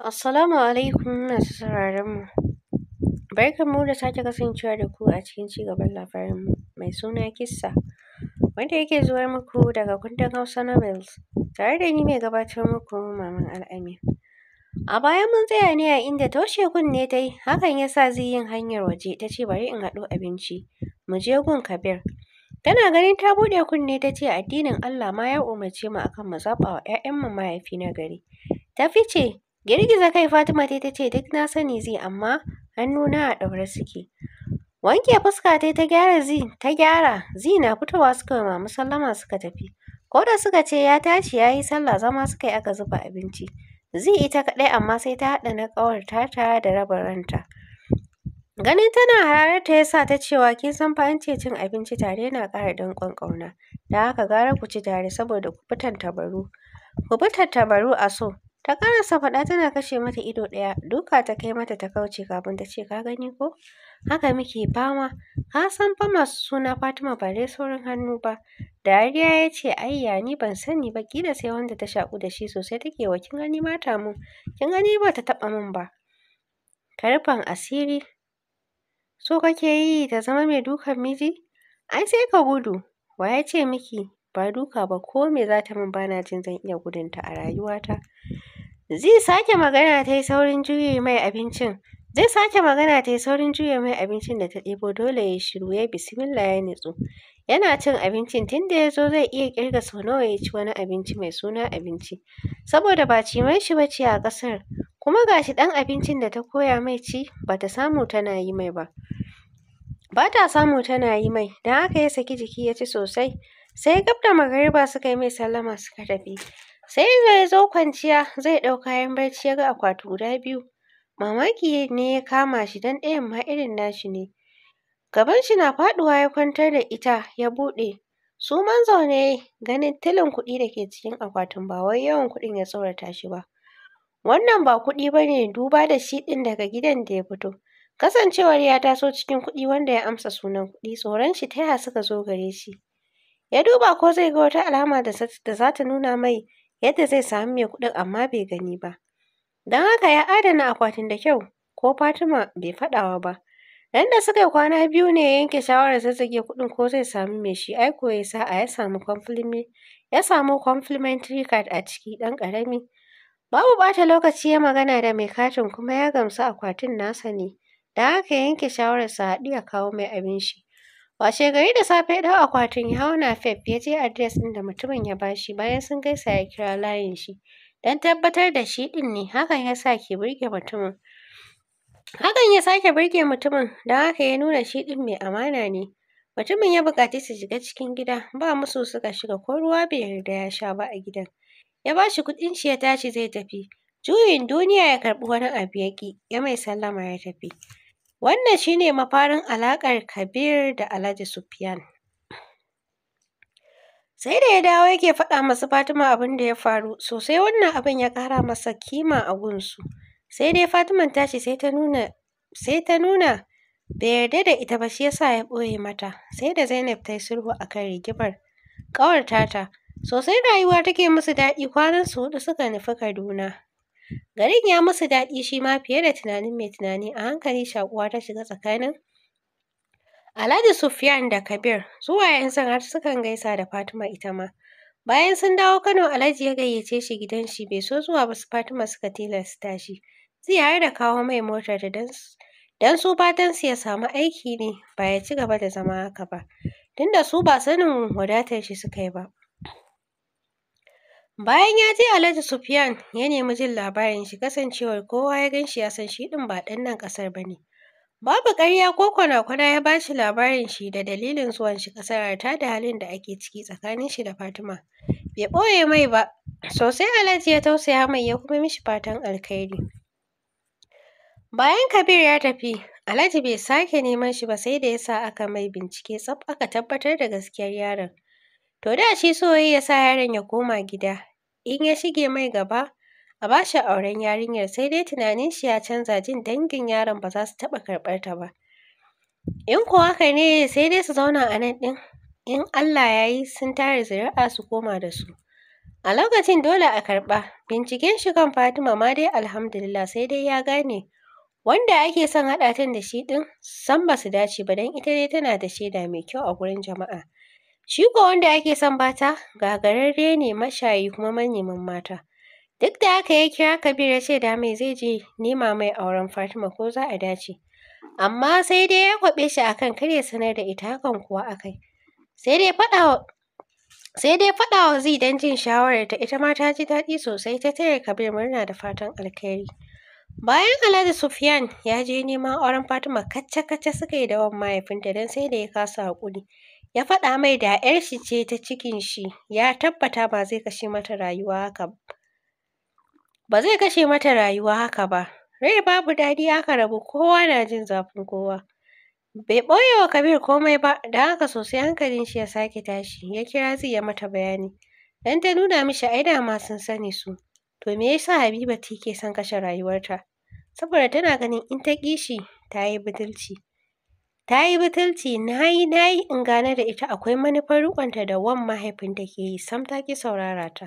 Assalamu alaikum masu mu. Barkan mu da sake kasancewa da ku a cikin cigaban labarin mai suna kissa wanda yake zuwa muku daga kundin Hausa Novels tare da ni mai gabatar muku Maman Al'amin. A baya mun tsaya ne a inda taushe kunne ta yi hakan ya sa zai yin hanyar waje ta ce bari in haɗo abinci mu je gun Kabir. Tana ganin ta buɗe kunne ta ce addinin Allah ma ya umarce mu akan mu zaɓa wa 'ya'yan mu mahaifi na gari. Ta fice Girgiza kai Fatima tai ta ce duk na sani zai amma hannuna a ɗaure suke. Wanke fuska tai ta gyara zi ta gyara zi na fitowa suka yi mamu sallama suka tafi. Ko da suka ce ya tashi ya yi sallah zama suka yi aka zuba abinci. Zi ita kaɗai amma sai ta haɗa na ƙawar tata da raba ranta. Ganin tana hararar ta yasa ta cewa kin san fa an ce cin abinci tare na ƙara danƙon ƙauna. Da haka gara ku ci tare saboda ku fi tabaru Ku bi tantabaru a so. Ta karasa faɗa tana kashe mata ido ɗaya, duka ta kai mata ta kauce kafin ta ce ka gani ko? Haka muke fama, ka san fa masu suna Fatima ba dai saurin hannu ba. Dariya ya ce ayya ni ban sani ba kila sai wanda ta shaƙu da shi sosai take wa kin gani mata mun, kin gani ba ta taɓa mun ba. Ka asiri, so kake yi ta zama mai dukan miji? Ai sai ka gudu, wa ya ce miki ba duka ba ko me za ta min ba na jin zan iya gudunta a rayuwata. Zai sake magana ta yi saurin juye mai abincin. Zai sake magana ta yi saurin juye mai abincin da ta ɗebo dole ya shiru ya bisimila ya nutsu. Yana cin abincin tun da ya zo zai iya ƙirga sau nawa ya ci wani abinci mai suna abinci. Saboda ba ci mai shi ba ce a ƙasar. Kuma ga shi ɗan abincin da ta koya mai ci ba ta samu tana yi mai ba. Ba ta samu tana yi mai, don haka ya saki jiki ya ci sosai. Sai gab da magariba suka yi mai sallama suka tafi. Sai da ya zo kwanciya zai ɗau kayan barci ya ga akwati guda biyu. Mamaki ne ya kama shi don ɗayan ma irin nashi ne. Gaban shi na faɗuwa ya kwantar da ita ya buɗe. Su man zaune ganin tilin kuɗi da ke cikin akwatin ba wai yawan kuɗin ya tsorata shi ba. Wannan ba kuɗi ba ne duba da shi ɗin daga gidan da ya fito. Kasancewar ya taso cikin kuɗi wanda ya amsa sunan kuɗi tsoron shi ta ya suka zo gare shi. Ya duba ko zai ga wata alama da za ta nuna mai yadda zai samu mai kuɗin amma bai gani ba. Don haka ya adana akwatin da kyau ko Fatima bai faɗawa ba. ‘Yan da suka yi kwana biyu ne ya yanke shawarar zazzage kuɗin ko zai samu mai shi ai ko ya a ya samu compliment ya samu complimentary card a ciki ɗan ƙarami. Babu ɓata lokaci ya magana da mai katin kuma ya gamsu akwatin nasa ne. Da haka ya yanke shawarar sa haɗu ya kawo mai abin shi. Washe gari da safe da ɗau akwatin ya hauna Fef ya je adres ɗin da mutumin ya bashi bayan sun gaisa ya kira layin shi don tabbatar da shi ɗin ne hakan ya sa burge mutumin. Hakan ya sake burge mutumin don haka ya nuna shi ɗin mai amana ne. Mutumin ya buƙaci su shiga cikin gida ba musu suka shiga ko ruwa bai yarda ya sha ba a gidan. Ya bashi shi kuɗin shi ya tashi zai tafi. Juyin duniya ya karɓi wani abu ya ya mai sallama ya tafi. Wannan shi ne mafarin alaƙar Kabir da Alhaji Sufyan. Sai da ya dawo yake faɗa masa Fatima abin da ya faru, sosai wannan abin ya ƙara masa kima a gunsu. Sai dai Fatiman tashi sai ta nuna sai ta nuna bai yarda da ita ba shi yasa ya ɓoye mata. Sai da Zainab ta yi sulhu a kan rigimar ƙawar tata. Sosai rayuwa take musu daɗi su huɗu suka nufi Kaduna. Garin ya musu daɗi shi ma fiye da tunanin mai tunani a hankali shakuwa ta shiga tsakanin Alhaji Sufyan da Kabir zuwa yanzu har sukan gaisa da Fatima ita ma. Bayan sun dawo Kano Alhaji ya gayyace shi gidan shi bai so zuwa ba su Fatima suka tilasta shi. Zai har da kawo mai motar da dan su fatan su ya samu aiki ne ba ya ci gaba da zama haka ba. Tunda su ba sanin wadatar shi suka yi ba. Bayan ya je Alhaji Sufyan ya nemi jin labarin shi kasancewar kowa ya gan shi ya san shi ɗin ba ɗan nan ƙasar ba ne. Babu ƙarya ko kwana-kwana ya ba shi labarin shi da dalilin zuwan shi ƙasar ta da halin da ake ciki tsakanin shi da Fatima. Bai ɓoye mai ba, sosai Alhaji ya tausaya mai ya kuma mishi fatan alkhairi. Bayan Kabir ya tafi, Alhaji bai sake neman shi ba sai da ya sa aka mai bincike tsaf aka tabbatar da gaskiyar yaron. To da shi Soyayya ya sa yaron ya koma gida, in ya shige mai gaba a bashi auren yarinyar sai dai tunanin shi ya canza jin dangin yaron ba za su taɓa karɓar ta ba. In kuwa haka ne sai dai su zauna a nan ɗin in Allah ya yi sun tare zuri'a su koma da su. A lokacin dole a karɓa binciken shi kan Fatima ma dai alhamdulillah sai dai ya gane wanda ake son haɗa ta da shi ɗin san ba su dace ba don ita dai tana da shaida mai kyau a wurin jama'a. shiko wanda ake son bata gagararre ne mashayi kuma maneman mata. Duk da haka ya kira Kabir ya ce da mai zai je nema mai auren Fatima ko za a dace. Amma sai dai ya kwaɓe shi akan kar sanar da ita hakan kuwa akai. Sai dai faɗa sai dai faɗa wa zai don jin shawararta ita mata ta ji daɗi sosai ta taya Kabir murna da fatan alkhairi. Bayan Alhaji Sufyan ya je neman auren Fatima kacce-kacce suka yi da mahaifinta don sai da ya kasa haƙuri. Ya faɗa mai da ‘yar shi ce ta cikin shi, ya tabbata ba zai kashe mata rayuwa haka ba. zai kashe mata rayuwa haka ba. Rai babu daɗi aka rabu kowa na jin zafin kowa. Bai ɓoye wa Kabir komai ba, da haka sosai hankalin shi ya sake tashi, ya kira zai ya mata bayani. Dan ta nuna mishi ai ma sun sani su. To me yasa Habiba take son kashe rayuwarta? Saboda tana ganin in ta ƙi shi ta yi budurci. Ta yi butulci na yi in gane da ita akwai manufar riƙonta da wan mahaifinta ke yi sam ta ki saurara ta.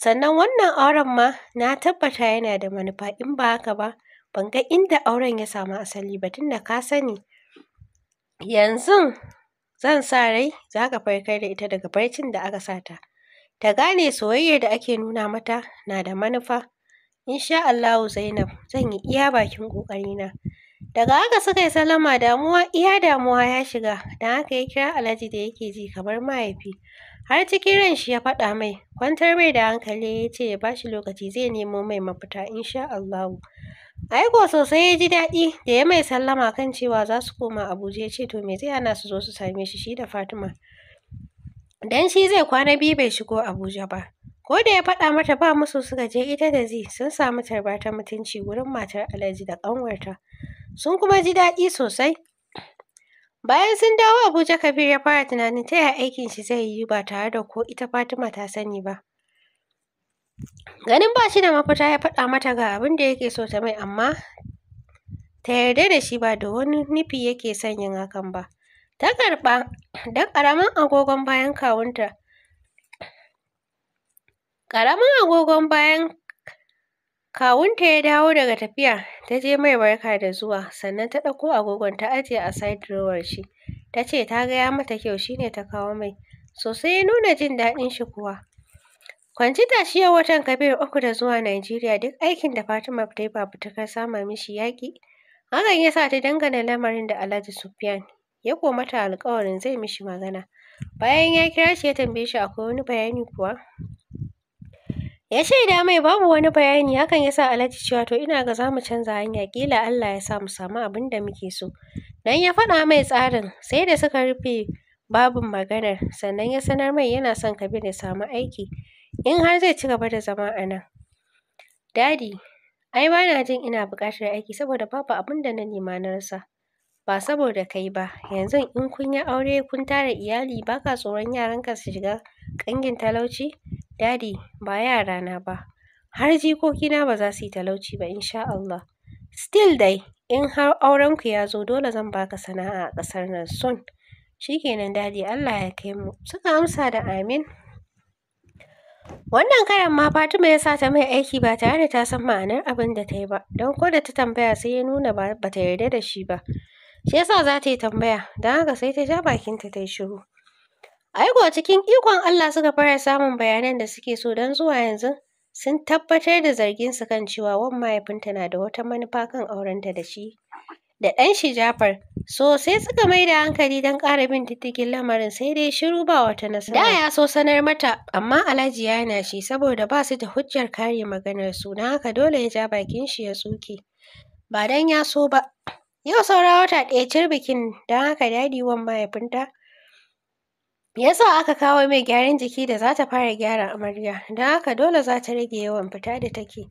Sannan wannan auren ma na tabbata yana da manufa in ba haka ba ban ga inda auren ya samu asali ba tunda ka sani yanzu zan sa rai za ka farkar da ita daga barcin da aka sa ta. Ta gane soyayyar da ake nuna mata na da manufa. Insha Allahu Zainab zan yi iya bakin ƙoƙarina Daga haka suka yi salama damuwa iya damuwa ya shiga, don haka ya kira Alhaji da yake ji kamar mahaifi. Har cikin ran shi ya faɗa mai, kwantar mai da hankali ya ce ya bashi lokaci zai nemo mai mafita insha Allah. Aiko sosai ya ji daɗi da ya mai sallama kan cewa za su koma Abuja ya ce to me zai hana su zo su same shi shi da Fatima. Dan shi zai kwana biyu bai shigo Abuja ba. Ko da ya faɗa mata ba musu suka je ita da zi sun samu tarba ta mutunci wurin matar Alhaji da ƙanwarta. sun kuma ji daɗi sosai. Bayan sun dawo Abuja Kabir ya fara tunanin ta yaya aikin shi zai yi ba tare da ko ita Fatima ta sani ba. Ganin ba shi da mafita ya faɗa mata ga abin da yake so ta mai amma ta yarda da shi ba da wani nufi yake son yin hakan ba. Ta karɓa don ƙaramin agogon bayan kawunta. Ƙaramin agogon bayan Kawunta ya dawo daga tafiya, ta je mai barka da zuwa, sannan ta ɗauko agogon ta ajiye a side drawer shi. Ta ce ta gaya mata kyau shi ne ta kawo mai. Sosai ya nuna jin daɗin shi kuwa. Kwanci shi ya watan Kabir uku da zuwa Najeriya duk aikin da Fatima ta yi kai sama mishi yaƙi. Hakan ya sa ta dangana lamarin da Alhaji Sufyan. Ya koma mata alƙawarin zai mishi magana. Bayan ya kira shi ya tambaye shi akwai wani bayani kuwa. Ya shaida mai babu wani bayani hakan ya sa Alhaji cewa to ina ga zamu canza hanya ƙila Allah ya sa mu samu abin da muke so. dan ya faɗa mai tsarin sai da suka rufe babin maganar sannan ya sanar mai yana son Kabiru ya samu aiki in har zai ci gaba da zama a nan. Dadi, ai ba na jin ina buƙatar aiki saboda babu abin da na nema na rasa. ba saboda kai ba yanzu in kun yi aure kun tara iyali ba ka tsoron yaranka su shiga ƙangin talauci dadi ba yarana ba har jikokina ba za su yi talauci ba insha Allah still dai in har aurenku ya zo dole zan baka sana'a a ƙasar nan soon shikenan dadi Allah ya kai mu suka amsa da amin Wannan karan ma Fatima ya sa ta mai aiki ba tare da ta san ma'anar abin da ta yi ba, don ko da ta tambaya sai ya nuna ba ta yarda da shi ba. Shi yasa za ta yi tambaya, don haka sai ta ja bakinta ta yi shiru. Aiko cikin ikon Allah suka fara samun bayanan da suke so don zuwa yanzu sun tabbatar da zargin su kan cewa wan mahaifinta na da wata manufa kan aurenta da shi da ɗan shi Jafar. So sai suka mai da hankali don ƙara bin diddigin lamarin sai dai shiru ba wata nasara. Da ya so sanar mata amma Alhaji ya yana shi saboda ba su da hujjar kare maganar su don haka dole ya ja bakin shi ya tsuke. Ba don ya so ba. Yau saura wata ɗaya cir bikin don haka dadi wan mahaifinta ya sa aka kawo mai gyaran jiki da za ta fara gyara amarya don haka dole za ta rage yawan fita da take.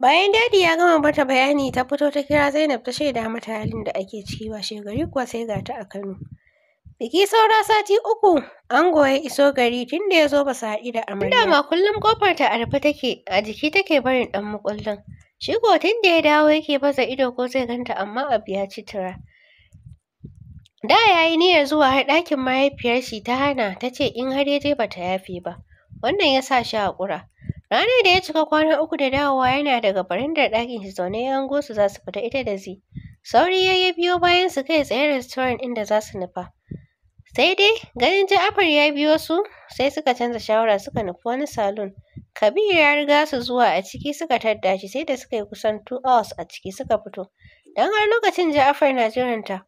Bayan dadi ya gama mata bayani ta fito ta kira Zainab ta shaida mata halin da ake ciki washe gari kuwa sai ga ta a Kano. Biki saura sati uku, An ya iso gari tun da ya zo ba sa haɗu da amarya. ma kullum kofar ta a rufe take, a jiki take barin ɗan makullin. Shi ko tun da ya dawo yake baza ido ko zai ganta amma abu ya ci tura. Da ya yi niyyar zuwa har ɗakin mahaifiyar shi ta hana ta ce in har ya je bata yafe ba. Wannan ya sa shi haƙura. Ranar da ya cika kwana uku da dawowa yana daga barandar ɗakin shi zaune ya hango su za su fita ita da zi. Sauri ya biyo bayan su kai tsaye restaurant inda za su nufa. Sai dai ganin Ja'afar ya biyo su sai suka canza shawara suka nufi wani salon. Kabir ya riga su zuwa a ciki suka tadda shi sai da suka yi kusan two hours a ciki suka fito. Don har lokacin Ja'afar na jiranta.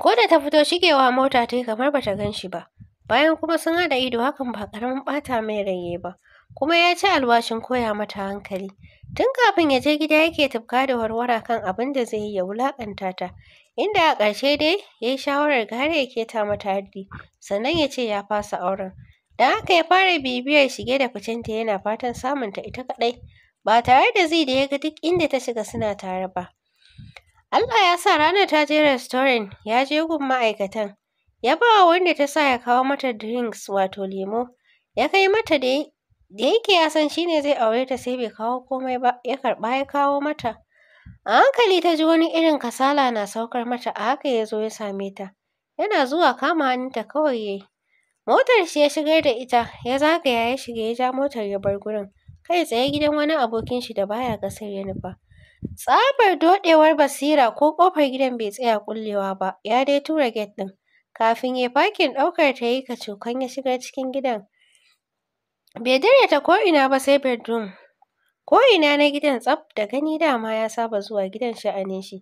Ko da ta fito shigewa mota ta yi kamar bata gan shi ba. Bayan kuma sun haɗa ido hakan ba ƙaramin ɓata mai raye ba. kuma ya ci alwashin koya mata hankali. Tun kafin ya je gida yake tufka da warwara kan abin da zai yi ya wulaƙanta ta, inda a ƙarshe dai ya yi shawarar gara ya keta mata hadiri, sannan ya ce ya fasa auren. Don haka ya fara bibiyar shige da ficenta yana fatan samun ta ita kaɗai ba tare da zai da ya ga duk inda ta shiga suna tare ba. Allah ya sa ranar ta je restaurant ya je gun ma'aikatan ya ba wa wanda ta sa ya kawo mata drinks wato lemo ya kai mata da da yake ya san shine zai aure ta sai bai kawo komai ba ya karɓa ya kawo mata A hankali ta ji wani irin kasala na saukar mata a haka ya zo ya same ta. Yana zuwa kama hannunta kawai ya yi. Motar shi ya shigar da ita ya zagaya ya shiga ya ja motar ya bar gurin. Kai tsaye gidan wani abokin shi da baya gasar ya nufa. Tsabar doɗewar basira ko kofar gidan bai tsaya kullewa ba, ya dai tura get din. Kafin ya fakin ɗaukar ta yi kacokan ya shiga cikin gidan. Bai dare ta ko'ina ba sai bedroom Ko'ina na gidan tsaf da gani dama ya saba zuwa gidan sha'anin shi.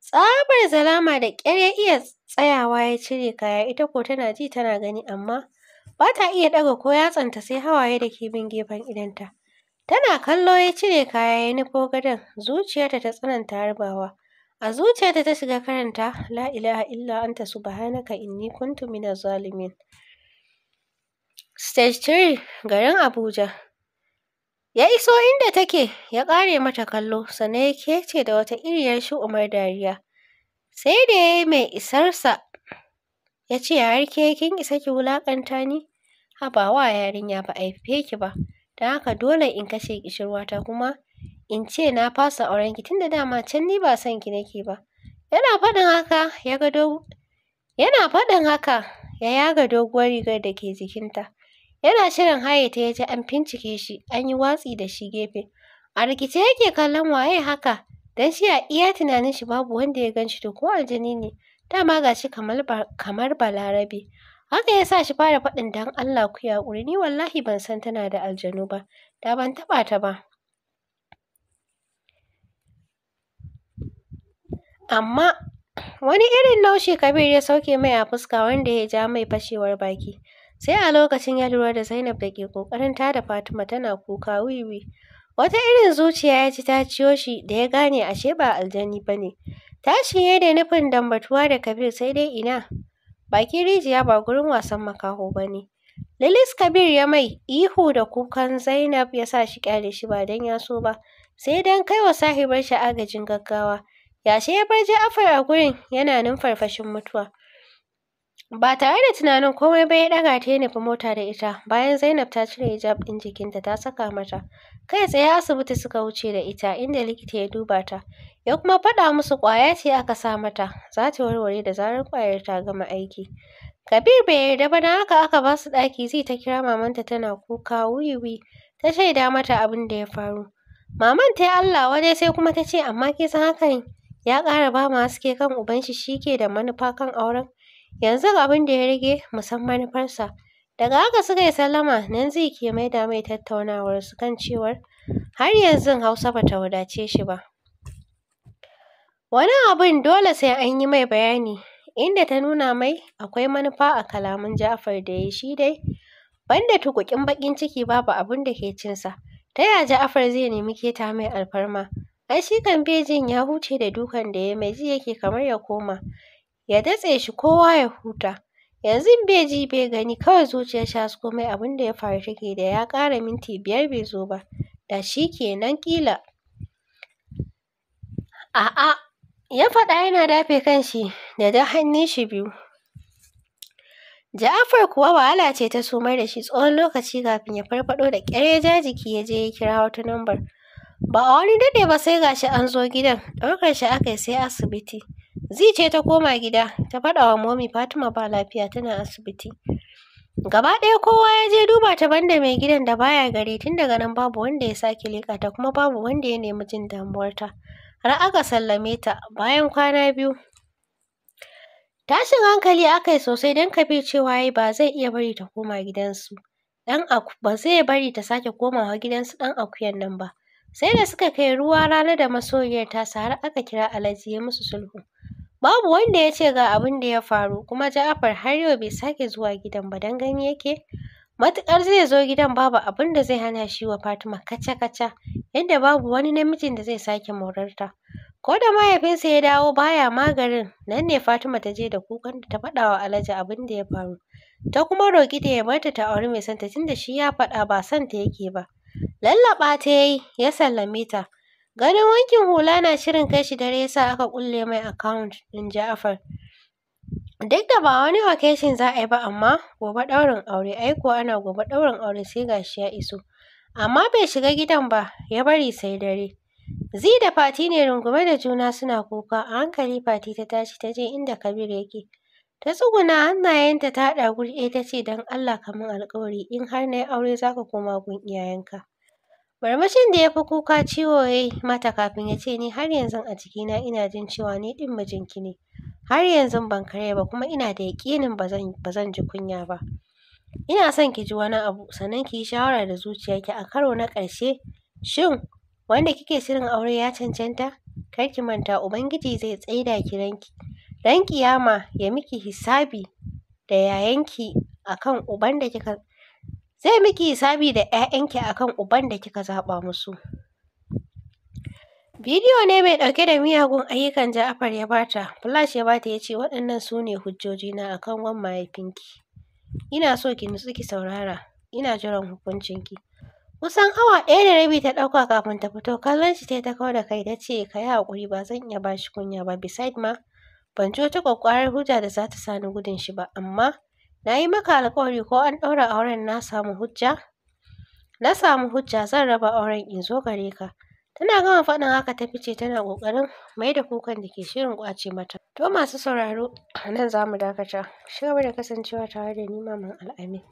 Tsabar zalama da ƙyar ya iya tsayawa ya cire kaya ita ko tana ji tana gani amma ba ta iya ɗaga ko yatsanta sai hawaye da ke bin gefen idonta. Tana kallo ya cire kaya ya nufo gadon zuciyarta ta tsananta harbawa. A zuciyarta ta shiga karanta la ilaha illa anta subhanaka inni kuntu minaz zalimin. Stage 3 garin Abuja Ya iso inda take, ya ƙare mata kallo, sannan ya kece da wata iriyar shu'umar dariya. Sai da ya yi mai isarsa, ya ce, Yayar ke kin isa ki wulaƙanta ni? ba wa yarinya ba a ki ba, don haka dole in kashe ƙishirwata kuma in ce na fasa auren ki tunda dama can ni ba son ki nake ba. Yana faɗin haka, ya gado, Yana faɗin haka, ya yaga doguwar rigar da ke jikinta. Yana shirin haye ta ya ji an fincike shi, an yi watsi da shi gefe. A rikice yake kallon waye haka, dan shi a iya tunanin shi babu wanda ya gan shi to ko aljani ne, dama ga shi kamar balarabe. Haka ya sa shi fara faɗin don Allah ku yaƙuri, ni wallahi ban san tana da aljanu ba, da ban taɓa ta ba. Amma wani irin naushi Kabir ya sauke mai a fuska wanda ya ja mai fashewar baki. sai a lokacin ya lura da zainab da ke ƙoƙarin tada fatima tana kuka wiwi wata irin zuciya ya ci ta ciyo shi da ya gane ashe ba aljani ba ne Ta ya da nufin dambatuwa da kabir sai dai ina bakin rijiya ba gurin wasan makaho ba ne lilis kabir ya mai ihu da kukan zainab ya sa shi ƙyale shi ba don ya so ba sai don kai wa sahibar shi agajin gaggawa yashe ya bar ja'afar a gurin yana numfarfashin mutuwa Ba tare da tunanin komai ba ya ɗaga ta ya nufi mota da ita, bayan Zainab ta cire hijab ɗin jikinta ta saka mata. Kai tsaye asibiti suka wuce da ita, inda likita ya duba ta. Ya kuma faɗa musu ƙwaya ce aka sa mata, za ta warware da zarar ƙwayar ta gama aiki. Kabir bai yarda ba don haka aka ba su ɗaki zai ta kira mamanta tana kuka wiwi, ta shaida mata abin da ya faru. Maman ta yi Allah waje sai kuma ta ce amma ke san hakan ya ƙara ba ma haske kan uban shi shi ke da manufa kan auren. Yanzu abin da ya rage musamman farsa, Daga haka suka yi sallama nan zai ke maida mai tattaunawar su kan cewar har yanzu Hausa bata ta wadace shi ba. Wani abin dole sai an yi mai bayani inda ta nuna mai akwai manufa a kalaman Ja'far da ya yi shi dai banda tukukin baƙin ciki babu abin da ke cinsa. Ta ya Ja'far zai nemi keta mai alfarma? Ai shi kan bejin ya huce da dukan da ya mai ji yake kamar ya koma. ya datse shi kowa ya huta. Yanzu bai ji bai gani kawai zuciyar shi komai komai abin da ya faru take da ya ƙara minti biyar bai zo ba. Da shi kenan ƙila. A'a ya faɗa yana dafe kan shi da da hannun shi biyu. Ja'afar kuwa wahala ce ta sumar da shi tsawon lokaci kafin ya farfaɗo da ƙyar ya jiki ya je ya kira wata lambar. Ba a wani daɗe ba sai gashi an zo gidan, ɗaukar shi aka yi sai asibiti. Zai ce ta koma gida, ta faɗa wa momi Fatima ba lafiya tana asibiti. Gaba ɗaya kowa ya je duba ta banda mai gidan da baya gare tun daga nan babu wanda ya sake leƙa ta kuma babu wanda ya nemi jin damuwarta. Har aka sallame ta bayan kwana biyu. Tashin hankali aka yi sosai don Kabir cewa ya ba zai iya bari ta koma gidansu. Ɗan aku ba zai bari ta sake komawa gidansu ɗan akuyan nan ba. Sai da suka kai ruwa rana da masoyiyar tasa har aka kira Alhaji ya musu sulhu. Babu wanda ya ce ga abin da ya faru kuma Ja'afar har yau bai sake zuwa gidan ba don gani yake. Matuƙar zai zo gidan babu abin da zai hana shi wa Fatima kaca-kaca yadda babu wani namijin da zai sake morarta. Ko da mahaifinsa ya dawo baya magarin nan ne Fatima ta je da kukan da ta faɗa wa Alhaji abin da ya faru. Ta kuma roƙi da ya barta ta auri mai santa tunda shi ya faɗa ba santa ta yake ba. Lallaɓa ta yi ya sallame ta. Ganin wankin hula na shirin kai shi dare yasa aka kulle mai account ɗin Ja'afar. Duk da ba wani occasion za a yi ba amma gobe ɗaurin aure ai ko ana gobe ɗaurin aure sai gashi ya iso. Amma bai shiga gidan ba ya bari sai dare. Zi da Fati ne rungume da juna suna kuka a hankali Fati ta tashi ta je inda Kabir yake. Ta tsuguna hannayenta ta haɗa guri ɗaya ta ce don Allah kamar alƙawari in har na yi aure za ka koma gun iyayenka. Marmashin da ya fi kuka ciwo ya yi mata kafin ya ce ni har yanzu a jikina ina jin cewa ni ɗin mijinki ne. Har yanzu ban karya ba kuma ina da yaƙinin ba zan ji kunya ba. Ina son ki ji wani abu sannan ki yi shawara da zuciyarki a karo na ƙarshe shin wanda kike shirin aure ya cancanta? Kar ki manta Ubangiji zai tsaida ki ranki. Ran ƙiyama ya miki hisabi da yayanki akan uban da kika zai miki hisabi da 'ya'yanki akan uban da kika zaɓa musu bidiyo ne mai ɗauke da miyagun ayyukan ja'afar ya bata flash ya bata ya ce waɗannan su ne hujjojina akan wan mahaifinki ina so ki nutsu ki saurara ina jiran hukuncin ki. kusan awa ɗaya da rabi ta ɗauka kafin ta fito kallon shi tai ta kau da kai ta ce ka yi haƙuri ba zan iya bashi kunya ba beside ma ban ji wata ƙwaƙƙwarar hujja da za ta sa ni gudun shi ba amma Na yi maka alkawari ko an ɗaura auren na samu hujja? Na samu hujja zan raba auren in zo gare ka. Tana gama faɗin haka ta fice tana ƙoƙarin mai da kukan da ke shirin ƙwace mata. To masu sauraro a nan za mu dakata. Ci gaba da kasancewa tare da ni Maman Al'amin.